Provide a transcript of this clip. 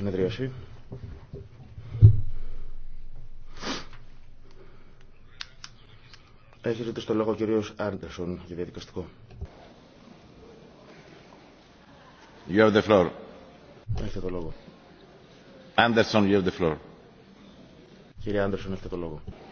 συνεδρίαση. Έχει ζητήσει το λόγο ο κύριος Άντερσον για διαδικαστικό. You have the floor. Έχετε το λόγο. Αντερσον, you have the floor. Κύριε Άντερσον, έχετε το λόγο.